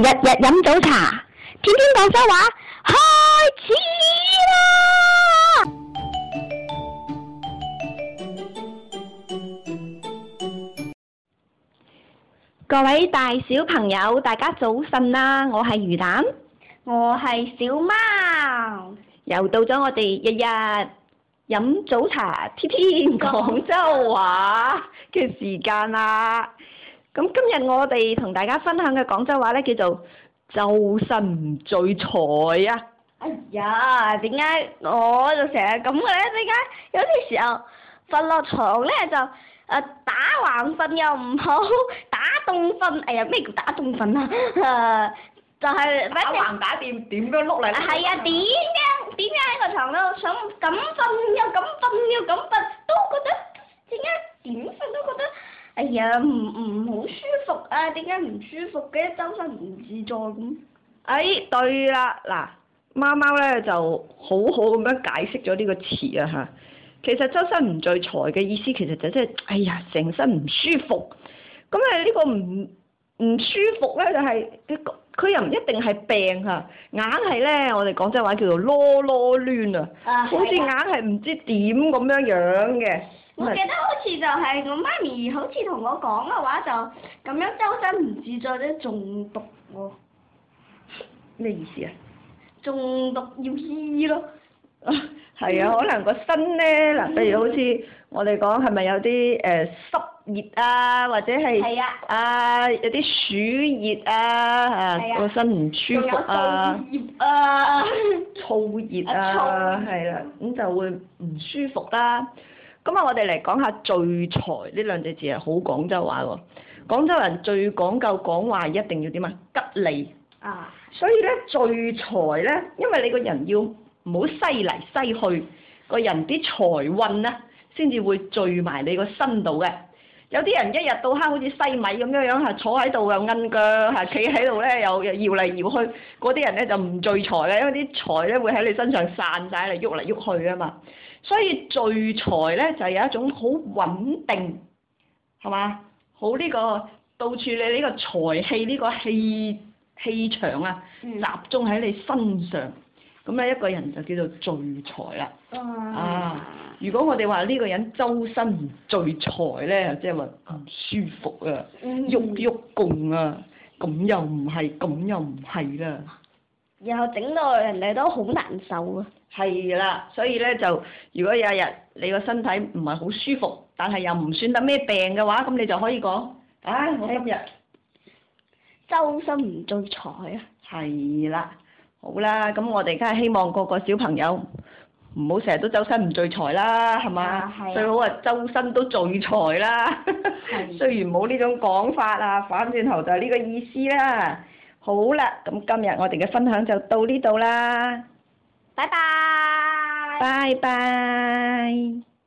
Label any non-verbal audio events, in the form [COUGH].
日日飲早茶，天天廣州話，開始啦！各位大小朋友，大家早晨啦！我係魚蛋，我係小貓，又到咗我哋日日飲早茶、天天廣州話嘅時間啦！咁今日我哋同大家分享嘅廣州話咧，叫做周身唔聚財啊哎、呃！哎呀，點解我就成日咁嘅咧？點解有啲時候瞓落床咧就誒打橫瞓又唔好，打棟瞓哎呀咩叫打棟瞓啊？誒、呃、就係、是、打橫打掂點都碌嚟係啊，點、啊、樣點解喺個床度想咁瞓又咁瞓又咁瞓，都覺得點解點瞓都覺。哎呀，唔唔好舒服啊！點解唔舒服嘅？周身唔自在咁。哎，對啦，嗱，貓貓咧就好好咁樣解釋咗呢個詞啊嚇。其實周身唔聚財嘅意思其實就真、是、係，哎呀，成身唔舒服。咁啊呢個唔唔舒服咧就係、是、佢又唔一定係病嚇、啊，硬係咧我哋廣州話叫做囉囉攣啊，啊好似硬係唔知點咁樣樣嘅。我記得好似就係、是、我媽咪好我，好似同我講嘅話就咁樣周身唔自在咧，中毒喎、喔。咩意思啊？中毒要醫咯。係 [LAUGHS] 啊，啊，可能個身咧嗱，譬如好似我哋講係咪有啲誒濕熱啊，或者係啊，啊有啲暑熱啊，個、啊啊、身唔舒服啊，燥、啊、熱啊，燥熱 [LAUGHS] 啊，係醋啦，咁就會唔舒服啦、啊。咁啊，我哋嚟講下聚財呢兩隻字係，好廣州話喎。廣州人最講究講話一定要點啊？吉利。啊。所以咧，聚財咧，因為你個人要唔好西嚟西去，個人啲財運啊，先至會聚埋你個身度嘅。有啲人一日到黑好似西米咁樣樣，係坐喺度又奀腳，係企喺度咧又又搖嚟搖去，嗰啲人咧就唔聚財咧，因為啲財咧會喺你身上散晒嚟，喐嚟喐去啊嘛。所以聚財咧就係、是、有一種好穩定，係嘛？好呢、這個到處你呢個財氣呢、這個氣氣場啊，集中喺你身上，咁咧、嗯、一個人就叫做聚財啦。啊、啊，如果我哋話呢個人周身唔聚財咧，即係話唔舒服啊，喐喐、嗯、共啊，咁又唔係，咁又唔係啦。然後整到人哋都好難受啊！係啦，所以咧就，如果有一日你個身體唔係好舒服，但係又唔算得咩病嘅話，咁你就可以講，唉，我今日周身唔聚財啊！係啦，好啦，咁我哋梗係希望個個小朋友唔好成日都周身唔聚財啦，係嘛？啊、最好啊，周身都聚財啦！ [LAUGHS] 的雖然冇呢種講法啊，反轉頭就係呢個意思啦。好啦，咁今日我哋嘅分享就到呢度啦，拜拜，拜拜。